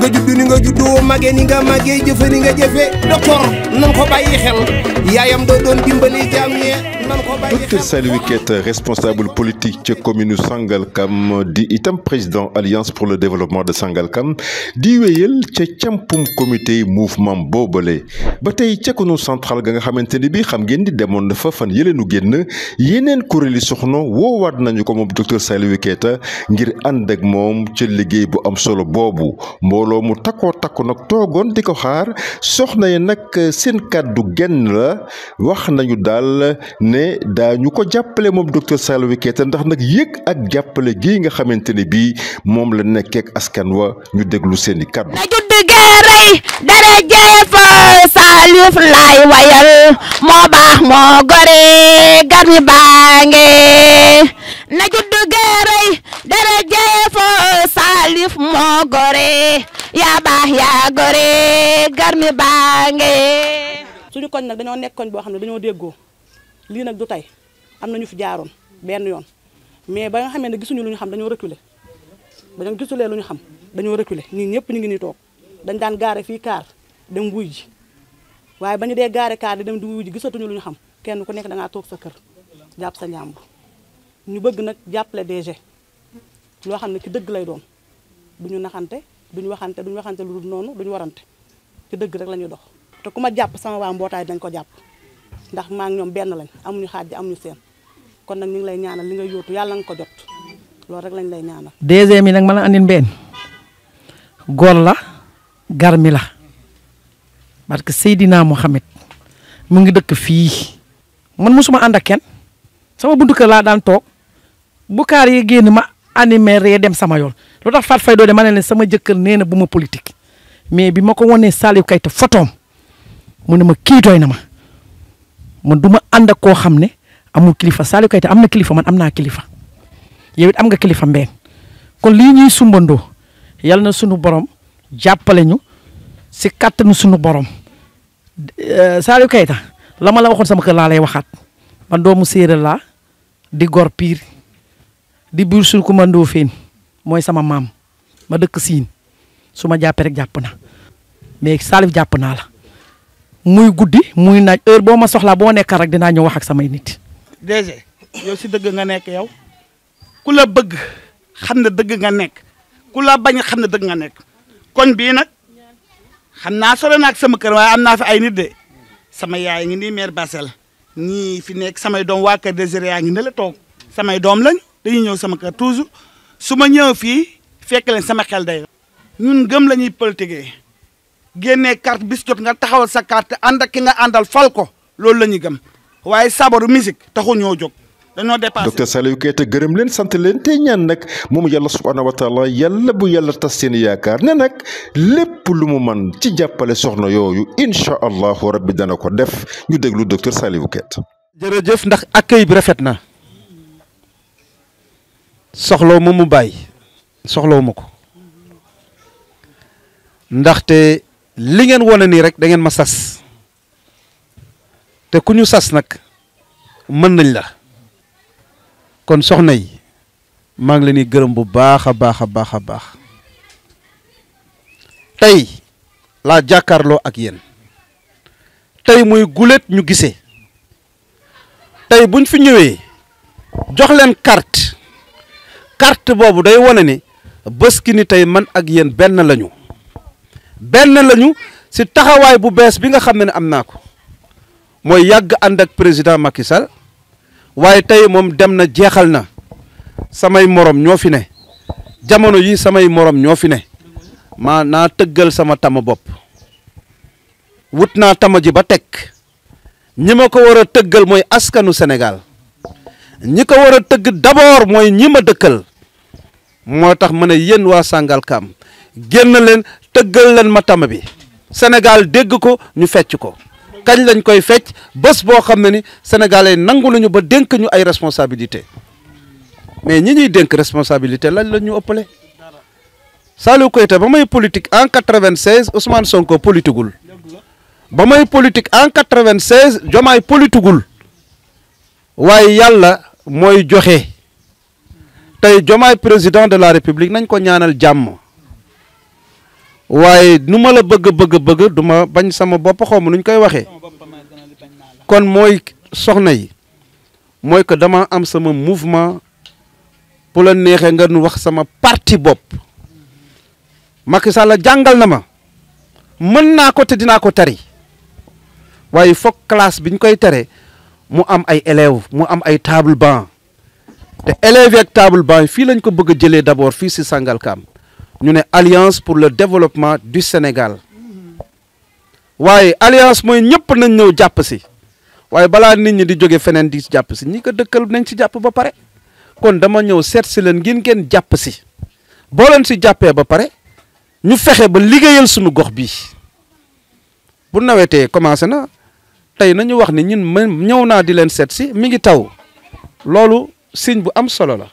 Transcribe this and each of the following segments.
nga juddu ni nga juddoo mage ni nga mage jëfe ni nga jëfe docteur nan ko bàyyi xel yaayam doo doon dimbali jaam ñee Tout Saint-Louis responsable politique ci commune Sangalkam di itam président alliance pour le développement de Sangalkam di wéyal ca càmpum comité mouvement boobale ba tey ca commune central ga nga xamante ni bi xam ngeen di demoon fa fan yëleenu génn yeneen kuréeli soxna woowaat nañu ko moom docteur Saint-Louis ngir ànd ak moom ca liggéey bu am solo boobu mbooloo mu takko takko nak togon di ko xaar soxna nak sen kaddu genn la wax nañu dal ne ne ko jàppale moom docteur Salihou Keita ndax nag yëg ak jàppale gii nga xamante ne bii moom la nekkeek askan wa ñu déglu seen i kàddu. dara jëf Salif lay wayal moo baax moo gore gami baange na judd gërëy dara jëf Salif moo gore yaa baax yaa gore gami baange suñu koñ nag dañoo nekk koñ boo xam ne dañoo déggoo lii nag du tey am na ñu fi jaaroon benn yoon mais ba nga xamee ne gisuñu lu xam dañoo reculer ba ñu gisulee lu ñu xam dañoo reculer ñii ñëpp ñu ngi ni toog dañ daan gaare fii kaar dem wuy ji waaye ba ñu dee gaare kaar dem di wuy ji gisatuñu lu ñu xam kenn ku nekk da toog sa kër jàpp sa njàmbur ñu bëgg nag jàppale DG loo xam ne ci dëgg lay doon ñu naxante duñu waxante duñu waxante lu dul noonu duñu warante ci dëgg rek la ñuy dox te ku ma jàpp sama waa mbootaay dañ ko jàpp ndax maa ngi ñoom benn lañ amuñu xaaj amuñu seen kon nag ñu ngi lay ñaanal li nga yóotu yàlla nga ko jot loolu rek lañ lay ñaanal. deuxième yi nag ma la andil benn góor la garmi la parce que Seydina mu ngi dëkk fii man mosuma ànd ak kenn sama buntu kër laa daan toog bu kaar yi génn ma animé dem sama yoon lu tax Fat Fay ma ne leen sama jëkkër nee na bu ma politique mais bi ma ko wanee Saliou Kayta fotoom mu ne ma kii na ma man duma anda ak ko xamne ne amul kilifa Saliou Keita amna kilifa man amna kilifa yewit am nga kilifa mbeen kon li ñuy sumbando yalla na sunu borom jàppale ñu si kàttanu sunu borom eh, salu kayta lama la waxon sama ke la lay waxat man doomu séeréer la di gor pire di buur sur ko mando feen moy sama mam ma dekk sin suma rek na mais Salif jàpp la muy guddi muy naaj heure boo ma soxlaa boo nekka rek dina ñëw wax ak samay nit. DG yow si dëgg nga nekk yow ku la bëgg xam ne dëgg nga nekk ku la bañ xam ne dëgg nga nekk koñ bii nag xam naa sore nag sama kër waaye am naa fi ay nit de sama yaay ngi nii mère Basel ñii fi nekk samay doom waa kër DG yaa ngi ne la toog samay doom lañ dañuy ñëw sama kër toujours su ma ñëw fii fekk leen sama xel day. ñun gëm la ñuy politiquer génnee carte bis jot nga taxawal sa kart ànd ak ki nga àndal fal ko loolu la ñuy gëm waaye sabaru musique taxu ñoo jóg dañoo dépassé docteur Saliou Keita gërëm leen sant leen te ñaan nag moom yàlla subhaanahu wa taala yàlla bu yàlla tas seen yaakaar ne nag lépp lu mu man ci jàppale soxna yooyu incha allahu rabbi dana ko def ñu déglu docteur Saliou Keita jërëjëf ndax accueil bi rafet na soxla ma mu bàyyi soxlaw ma ko ndaxte li ngeen wane nii rek dangeen ma sas te ku ñu sas nag mën nañ la kon soxna yi maa ngi leen di gërëm bu baax a baax a baax a baax tey laa jàkkarloo ak yéen tey muy guléet ñu gisee tey buñ fi ñëwee joxleen leen carte boobu day wane ni bés ki ni tey man ak yéen benn lañu benn lañu si taxawaay bu bees bi nga xam ne am naa ko mooy yàgg ànd ak président Macky Sall waaye tey moom dem na jeexal na samay moroom ñoo fi ne jamono yi samay moroom ñoo fi ne maa naa tëggal sama tama bopp wut naa tama ji ba teg ñi ma ko war a tëggal mooy askanu Sénégal ñi ko war a tëgg d'abord mooy ñi ma dëkkal moo tax ma ne yéen waa Sangalkam génn leen tëggal leen ma tama bi Sénégal dégg ko ñu fecc ko kañ lañ koy fecc bés boo xam ne ni sénégalais nangu nañu ba dénk ñu ay responsabilité mais ñi ñuy dénk responsabilité lañ la ñu ëppale Saliou Koyta ba may politique en quatre vingt 96 Ousmane Sonko politigul ba may politique en quatre vingt 96 Jomaay politigul waaye yàlla mooy joxe tey Jomaay président de la république nañ ko ñaanal jàmm waaye nu ma la bëgg bëgg bëgg duma bañ sama bopp xaw ma nu ñu koy waxee kon mooy soxna yi mooy que dama am sama mouvement pour la neexee nga nu wax sama parti bopp Macky Sall jàngal na ma mën naa ko te dinaa ko tari waaye foog classe bi ñu koy tere mu am ay élèves mu am ay table banc te élèves ak table banc fii lañ ko bëgg a jëlee d'abord fii si Sangalkam ñu alliance pour le développement du Sénégal waaye alliance moy ñepp nañ ñëw japp ci waaye balaa nit ñi di joggé fenen di japp si ñi ko dekkal nañ ci japp ba pare kon dama ñëw seet si leen ngeen ken japp si bo leen ci jappé ba pare ñu fexé ba ligéyal suñu gox bi bu nawété commencé na tay nañu wax ni ñun ma di leen seet ci mi ngi taw lolu señ bu am solo la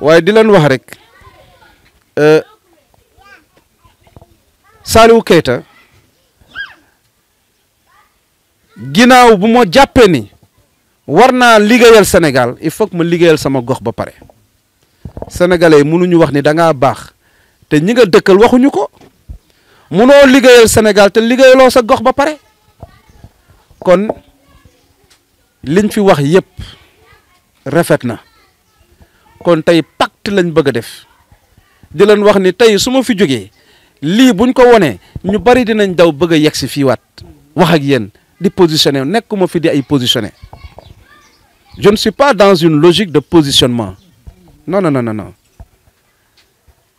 waaye di leen wax rek Euh, Saliou Keita ginnaaw bu ma jàppee ni war naa liggéeyal senegal il faut ma liggéeyal sama gox ba pare sénégalais yi mënuñu wax ni da baax te ñi nga dëkkal waxuñu ko mënoo liggéeyal Sénégal te liggéeyaloo sa gox ba pare kon liñ fi wax yépp rafet na kon tey pacte lañ bëgg a def je ne suis pas dans une logique de positionnement non non non non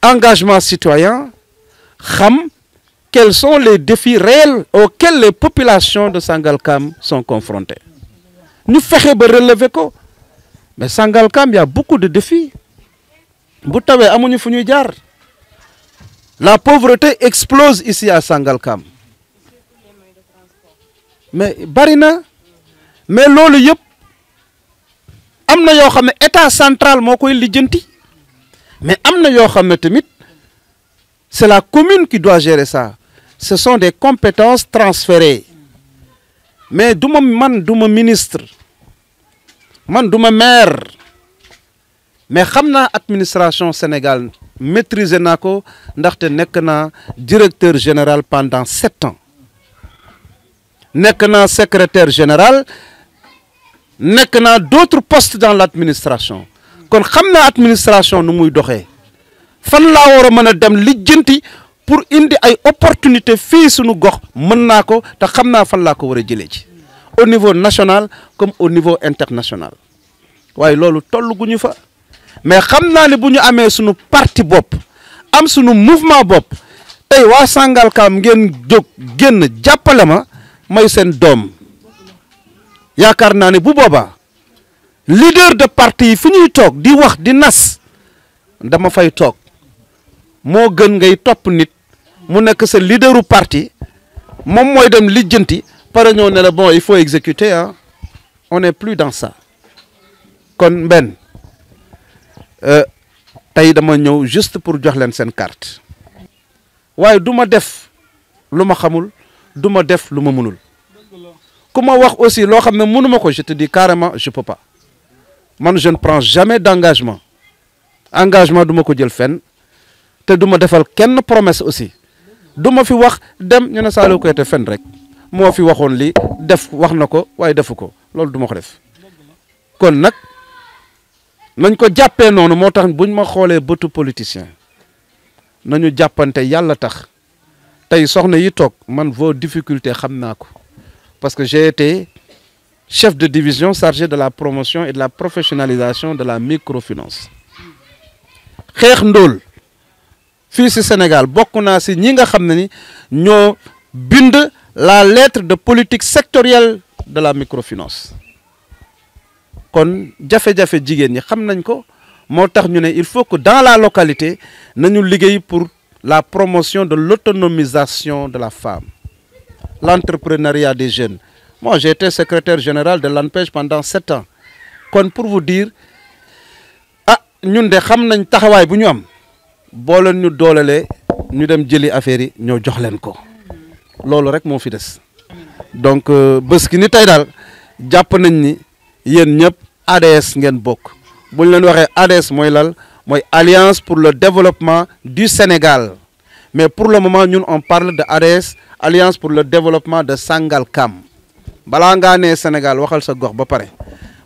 engagement citoyen quels sont les défis réels auxquels les populations de Sangalkam sont confrontées Nous fexe ba relever ko mais Sangalkam y a beaucoup de défis la pauvreté explose ici à Sangalkam mais Barina, mais l'eau, yep, am yo yoo état central mo koy lijeenti mais am yo yoo tamit c'est la commune qui doit gérer ça ce sont des compétences transférées mais duma man du ministre man du ma maire mais xamna administration Sénégal maîtriser naa ko ndaxte nek na directeur général pendant 7 ans nek na secrétaire général nek na d'autres postes dans l'administration kon xamna administration nu muy doxé fan la wara a faire pour indi ay opportunités fi suñu gox mën ko te fan ko ci au niveau national comme au niveau international waaye lolu tollu guñu fa mais xam nous avons suñu parti bop am suñu mouvement tay wa sangal kam ngeen jog may bu leader de parti fini tok di wax di nas dama fay tok mo gën ngay top nit mu nek sa leaderu parti mom moy dem lijeenti il faut exécuter hein. on n'est plus dans ça kon Ben. Euh, tay dama ñëw juste pour jox leen sen carte waye duma def luma xamul duma def luma mënul kuma wax aussi lo xamné ne ko je te dis carrément je peux pas man je ne prends jamais d'engagement. engagement duma ko jël fenn te duma defal kenn promesse aussi duma fi wax dem ñu ne Saliou Koité fenn rek mo fi waxoon li def wax na ko waaye defu ko def kon nak nañ ko jappé nonu motax buñ ma xolé nous politicien nañu jappanté yalla tax tay soxna yi tok man vos difficultés xam parce que j'ai été chef de division chargé de la promotion et de la professionnalisation de la microfinance xex ndol fils ci Sénégal bokuna ci ñi nga xamné ni ñoo bind la lettre de politique sectorielle de la microfinance il faut que dans la localité nous liggéey pour la promotion de l'autonomisation de la femme l'entrepreneuriat des jeunes moi j'ai été secrétaire général de l'ANPEJ pendant 7 ans pour vous dire nous ah, ñun dé xam nañ taxaway bu ñu am ñu ñu dem jëli affaire yi ñoo jox ko rek donc nous euh, ni ADS ngeen bokk bu leen ADS mooy lal alliance pour le développement du Sénégal mais pour le moment ñun on parle de ADS alliance pour le développement de Sangalkam balaa ngaa Né Sénégal waxal sa gox ba pare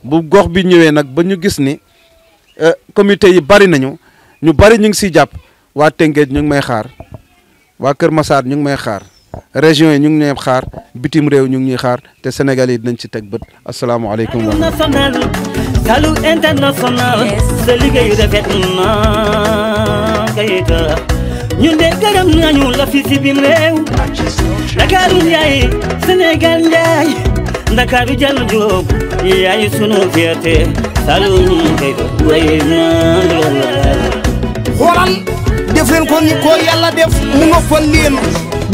bu gox bi ñëwee nag ba ñu gis ni euh, comité yi bari nañu ñu bari ñu ngi siy jàpp waa Tëngéej ñu ngi may xaar Kër ñu ngi may xaar. région yi ñu ngi ñuy xaar bitim réew ñu ngi ñuy xaar te Sénégal yi dinañ ci teg bët asalaamaaleykum wa rahmatulah. Saloum international. sa liggéey rafet kayita. ñun de gërëm nañu la fi réew. Dakar Ndiaye Sénégal Ndiaye. Dakar Diallo Diop. yaay sunu kayita. waaye naa lool. xoolal def leen ko ni ko yàlla def mu noppal leen.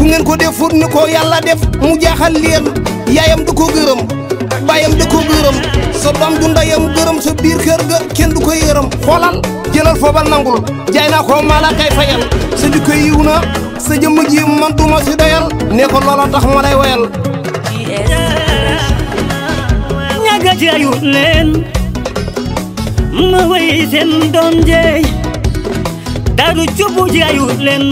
ngeen ko def fut ni ko yàlla def mu jaaxal leen yaayam du ko gërëm baayam du ko gërëm sa doom du ndayam gërëm sa biir kër ga kenn du ko yërëm xoolal jëlal foobal nangul jaay naa ko fayal sa di na sa ji man duma si doyal ne ko loola tax ma woyal ñaga jaayu leen ma way jeey daru cubu jaayu leen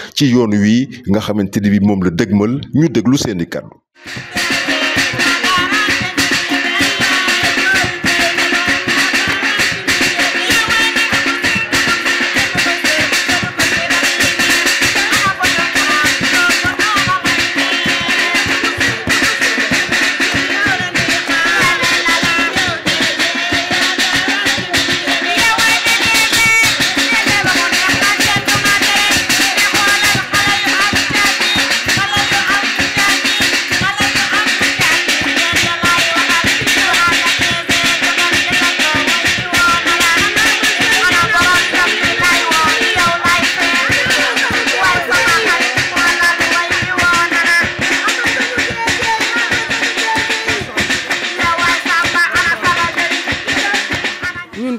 ci yoon wi nga xamante bi moom la dégmal ñu déglu seeni kàddu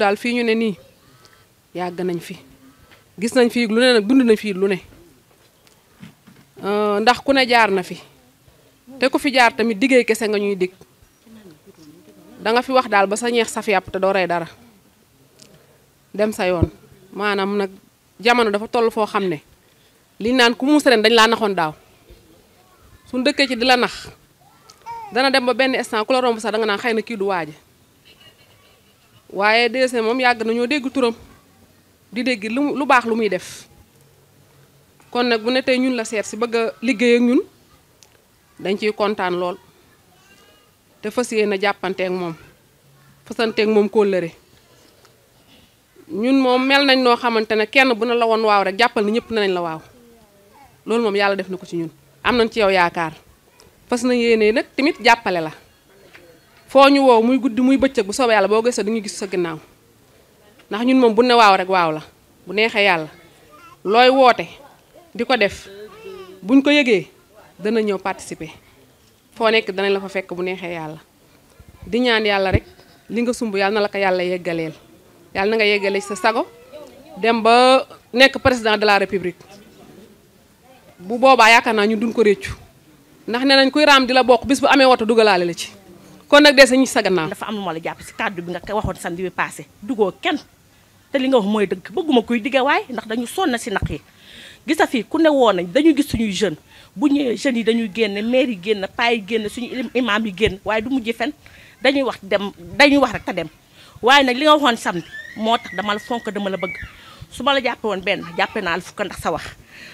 daal fii ñu ne nii nañ fi gis nañ fi lu ne nag dund nañ fi lu ne euh, ndax ku ne jaar na fi te ku fi jaar tamit diggéey kese nga ñuy dig da nga fi wax dal ba sa ñeex saf yàpp te doo rey dara dem sa yoon maanaam nag jamono dafa toll foo xam ne liñ naan ku muus ren dañ laa naxoon daaw suñ dëkkee ci di nax dana dem ba ben instant ku la romb sax da nga na du waaye DG moom yàgg nañoo dégg turam di dégg lu lu baax lu muy def kon nag bu ne tey ñun la seet si bëgg a liggéey ñun dañ ciy kontaan lool te fas yéene jàppanteek moom fasanteeg moom kóllëre ñun moom mel nañ noo xamante ne kenn bu na la woon waaw rek jàppal ni ñëpp nañ la waaw loolu moom yàlla def na ko ci ñun am nañ ci yow yaakaar fas na yéene nag tamit jàppale la foo ñu woow muy guddi muy bëccëg bu soobee yàlla boo gëstoo dañuy gis sa ginnaaw ndax ñun moom bu ne waaw rek waaw la bu neexee yàlla looy woote di ko def buñ ko yëgee dana ñëw participer foo nekk danañ la fa fekk bu neexee yàlla di ñaan yàlla rek li nga sumb yàlla na la ko yàlla yeggaleel yàlla na nga yeggale sa sago dem ba nekk président de la république bu boobaa yaakaar naa ñu duñ ko réccu ndax ne nañ kuy raam di la bokk bis bu amee woto dugalaale la ci kon nag dee sañu sa gannaaw dafa am lu ma la jàpp si kàddu bi nga waxoon samedi bi passé dugoo kenn te li nga wax mooy dëgg bëgguma kuy digge waay ndax dañu sonna si naq yi gisa fii ku ne woon nañ dañu gis suñuy jeune bu ñëwee jeunes yi dañuy génn maire yi génn paa yi génn suñu imaam yi génn waaye du mujj fen dañuy wax dem dañuy wax rek te dem waaye nag li nga waxoon samedi moo tax dama la fonk dama la bëgg su ma la jàppe woon benn jàppee naa la ndax sa wax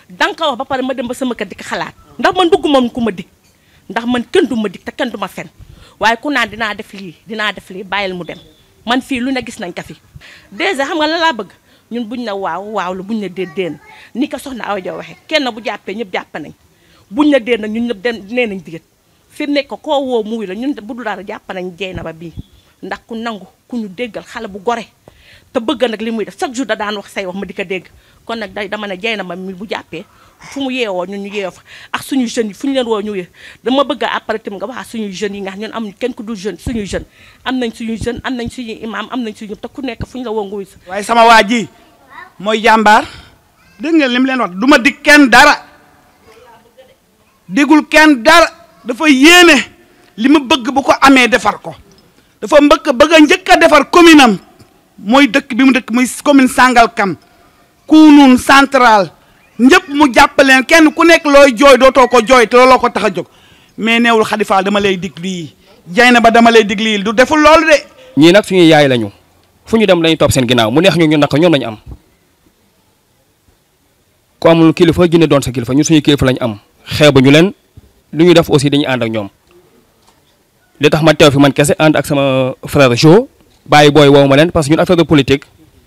danga ko ba pare ma dem ba sama kër xalaat ndax man bëggu moom ku ma dig ndax man kenn ma dig te ma fen waaye ku naan dinaa def lii dinaa def lii bàyyil mu dem man fii lu ne gis nañ ko fi. déjà xam nga la laa bëgg ñun buñ na waaw waaw la ñu na déet déen ni ko soxna Awa Dia waxee kenn bu jàppee ñëpp jàpp nañ buñ na déet nag ñun ñëpp dem nee nañ digat fi nekk koo woo muy la ñun bu dul daal jàpp nañ jeey na ba bii ndax ku nangu ku ñu déggal xale bu gore te bëgg nag li muy def chaque jour da daan wax say wax ma di ko dégg kon nag day dama ne jay na ma mi bu jàppee fu mu yeewoo ñun ñu yeewoo fa ak suñu jeunes yi fu ñu leen woo ñu dama bëgg a après tamit nga wax ak suñuy jeunes yi nga xam ñun am kenn ku dul jeune suñuy am nañ suñuy jeune am nañ suñuy imam am nañ suñu te ku nekk fu ñu la woo nga sama waa ji mooy jàmbaar dégg ngeen li leen wax du ma dig kenn dara digul kenn dara dafa yéene li ma bëgg bu ko amee defar ko dafa mbëkk bëgg a njëkk defar commune am mooy dëkk bi mu dëkk muy commune Sangalkam Kounoune central ñëpp mu jàppaleen kenn ku nekk looy jooy dootoo ko jooy te looloo ko tax a jóg mais neewul Khady dama lay dig lii jay na ba dama lay dig lii du deful loolu de. ñii nag suñuy yaay lañu fu ñu dem lañu topp seen ginnaaw mu neex ñu ñu naka ñoom lañu am ku amul kilifa jinne doon sa kilifa ñun suñu kilifa lañu am xeebu ñu leen lu ñu def aussi dañuy ànd ak ñoom li tax ma teew fi man kese ànd ak sama frère bàyyi boy, woowu ma leen parce que ñun acteur de politique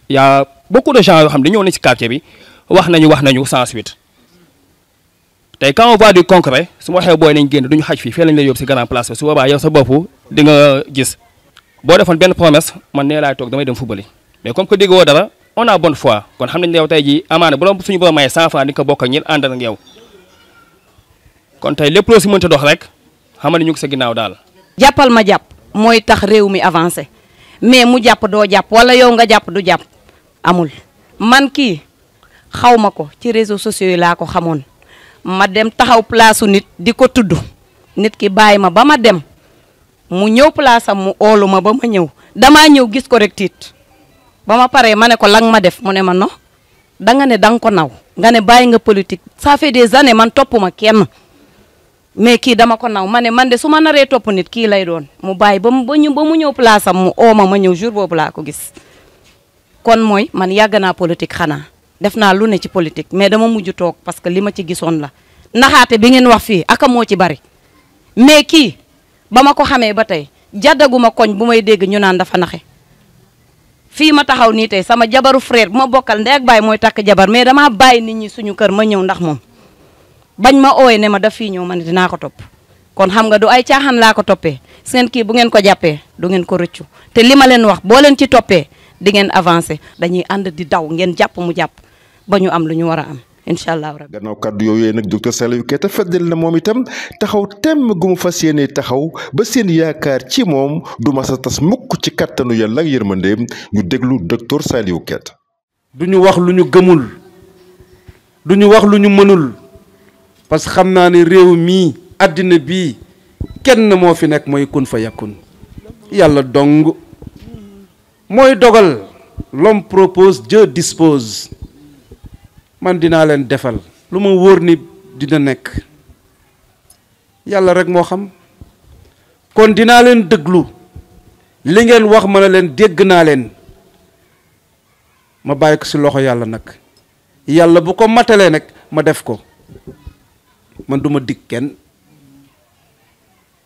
y' a beaucoup de gens yoo xam ne ñëw nañ ci quartier bi wax nañu wax nañu sans suite tey quand on va du concret su ma waxee booy nañ génn duñu xaj fii fii lañ lay yóbbu ci grand place su boobaa yow sa bopp di nga gis boo defoon benn promesse man nee laay toog damay dem fubali mais comme que déggoo dara on a bonne foi kon xam nañ ne yow tey jii amaana bu la suñu bo maye cent francs di ko bokk ak ñi ak yow kon tey lépp loo ci mënta dox rek xam nga ñu ngi sa ginnaaw daal. jàppal ma jàpp tax mi avancé mais mu jàpp doo jàpp wala yow nga jàpp du jàpp amul man kii xawma ko ci réseau sociaux laa ko xamoon ma dem taxaw placeu nit di ko tudd nit ki bàyyi ma ba ma dem mu ñëw place am mu oolu ma ba ma ñëw damaa ñëw gis ko rek tiit ba ma paree ma ne ko lan ma def mu ne ma no danga ne da ko naw nga ne bàyyi nga politique ça fait des années man topp ma kenn mais kii dama ko naw ma ne man de su ma naree topp nit kii lay doon mu bàyyi ba mu ba mu ñëw place am mu ooma ma ñëw jour boobu laa ko gis. kon mooy man yàgg naa politique xanaa def naa lu ne ci politique mais dama mujj toog parce que li ma ci gisoon la naxaate bi ngeen wax fii aka moo ci bari mais kii ba ma ko xamee ba tey jàddaguma koñ bu may dégg ñu naan dafa naxe fii ma taxaw nii tey sama jabaru frère bu ma bokkal ndey ak baay mooy takk jabar mais damaa bàyyi nit ñi suñu kër ma ñëw ndax moom. bañ ma ooyee ne ma da fii ñëw ma ne dinaa ko topp kon xam nga du ay caaxaan laa ko toppee seen kii bu ngeen ko jàppee du ngeen ko rëccu te li ma leen wax boo leen ci toppee di ngeen avancé dañuy ànd di daw ngeen jàpp mu jàpp ba ñu am lu ñu war a am incha allah rabbi gannaaw kàddu yooyu nag docteur Saliou Keita feddal la moom itam taxaw temm gu mu fas yéene taxaw ba seen yaakaar ci moom du mas sa tas mukk ci kàttanu yàlla ak yërmandeem ñu déglu docteur Saliou Keita du ñu wax lu ñu gëmul wax lu ñu mënul parce que xam naa ni réew mii àddina bii kenn moo fi nekk mooy kun fa yàkkun yàlla dong mooy dogal lom propose Dieu dispose man dinaa leen defal lu ma wóor ni dina nekk yàlla rek moo xam kon dinaa leen déglu li ngeen wax ma ne leen dégg naa leen ma bàyyi ko ci loxo yàlla nag yàlla bu ko matalee nag ma def ko man du ma dig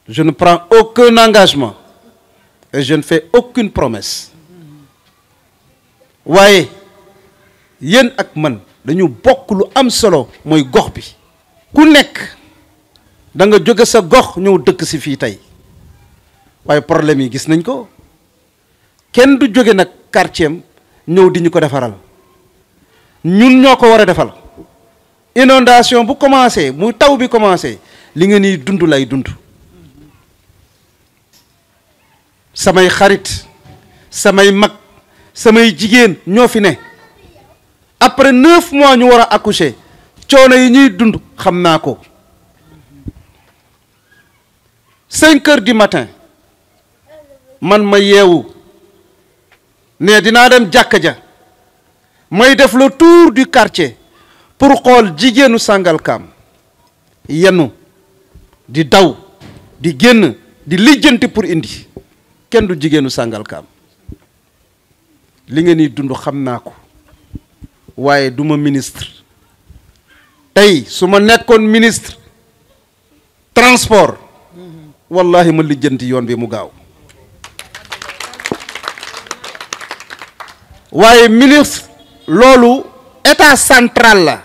je ne prends aucun engagement et je ne fais aucune promesse waaye yéen ak man dañu bokk lu am solo mooy gox bi ku nekk da nga jóge sa gox ñëw dëkk si fii tey waaye problème yi gis nañ ko kenn du jóge nag quartier am ñëw di ñu ko defaral ñun ñoo ko war inondation bu commencé mu taw bi commencé li nga lay samay xarit samay mag samay jigen ñoo fi après neuf mois ñu wara accoucher yi ko cinq heures du matin man ma ne dina dem ja le tour du quartier pour jigenu sangal kam yenu di daw di genn di lijeenti pour indi kenn du sangal kam li nga ni dund xam naa ko waaye du ministre tay suma nekkon ministre transport wallahi ma lijeenti yon bi mu gaaw waye ministre lolou état central la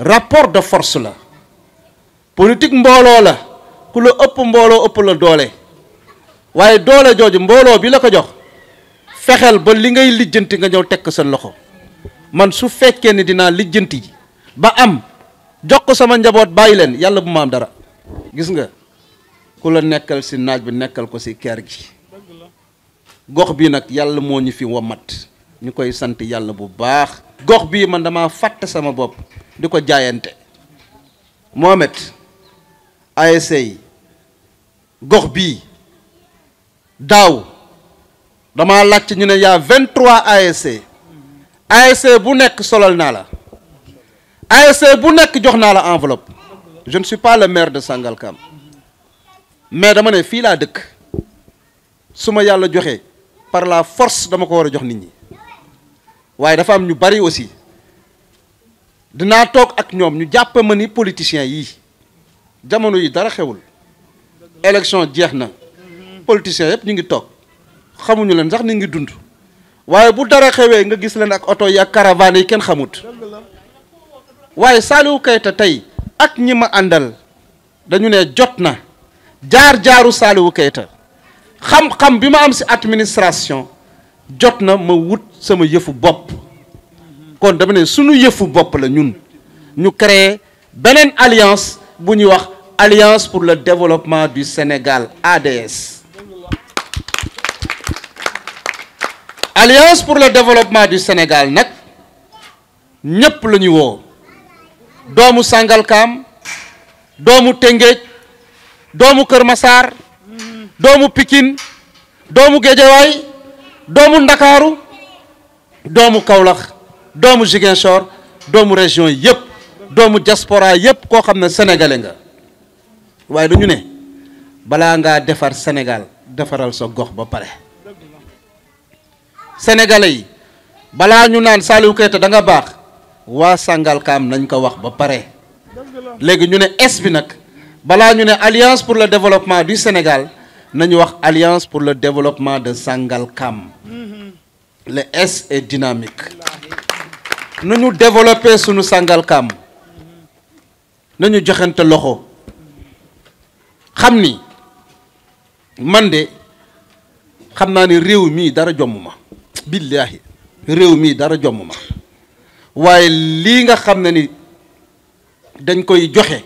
rapport de force la politik mbooloo la ku la ëpp mbooloo ëpp la doole waaye doole jooju mbooloo bi la ko jox fexeel ba li ngay lijjanti nga ñëw tekk sa loxo man su fekkee ni dinaa lijjanti ji ba am jox ko sama njaboot bàyyi leen yàlla bu ma dara gis nga ku la nekkal si naaj bi nekkal ko si ker gi gox bi nag yàlla moo ñu fi wamat ñu koy sant yàlla bu baax gox bii man dama fatte sama bop diko jaayante Mohamed ASC gox Daw, dama lacc ñu ne y'a 23 trois ASC ASC bu nek solal na la ASC bu nek jox na la enveloppe je ne suis pas le maire de Sangalkam mais dama ne fi la deuk suma yalla par la force dama ko wara jox nit ñi waye dafa am ñu bari aussi dina tok ak ñom ñu japp ma ni politiciens yi jamono yi dara xewul election jeexna na politiciens yëpp ñu ngi toog xamuñu leen sax ni ngi dund waye bu dara xewé nga gis leen ak auto ya caravane yi ken xamut waaye Saliou Keita tay ak ñima ma dañu né jotna jaar-jaaru Saliou Keita xam-xam bima am ci administration Jotna ma wut sama yeufu bop kon dama ne suñu yeufu bop la ñun ñu alliance bu wax alliance pour le développement du Sénégal ADS alliance pour le développement du Sénégal N'ak, ñepp la ñu woo doomu Sangalkam doomu Tëngéej doomu Kër Massar doomu Pikine doomu doomu ndakaaru doomu Kaolack doomu Ziguinchor doomu région yëpp doomu diaspora yëpp koo xam ne sénégalais nga waaye dañu ne balaa ngaa defar Sénégal defaral sa gox ba pare sénégalais yi balaa ñu naan Saliou Keita da nga baax waa Sangalkam nañ ko wax ba pare léegi ñu ne es bi nag balaa ñu ne alliance pour le développement bi Sénégal nañu wax alliance pour le développement de Sangalkam mm-hmm. le S est dynamique nañu développer suñu Sangalkam nañu joxante loxo xam ni man de xam naa ni réew mii dara jomm ma réew mii dara jomm waaye lii nga xam ne ni dañ koy joxe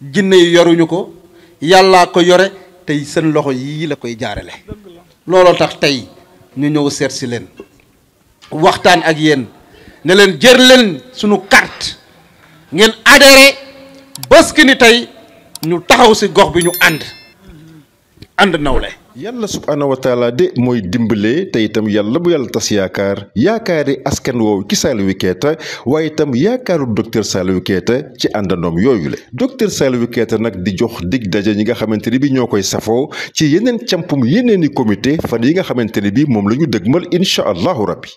jinne yi yoruñu ko yàllaa ko yore seen loxo yii la koy jaarale looloo tax tey ñu ñëw seet si leen waxtaan ak yéen ne leen jër leen suñu carte ngeen adhéré bés ki ni tey ñu taxaw si gox bi ñu ànd ànd nawle yàlla subhaanahu wa taala de mooy dimbalee te itam yàlla bu yàlla tas yaakaar yaakaari askan woowu ci Saliou Keita waaye itam yaakaaru docteur Saliou Keita ci àndandoom yooyu la docteur Saliou Keita nag di jox dig daje ñi nga xamante ni bi ñoo koy safoo ci yeneen campum yeneeni comité fan yi nga xamante ni bi moom la ñu dëgmal incha allahu rabbi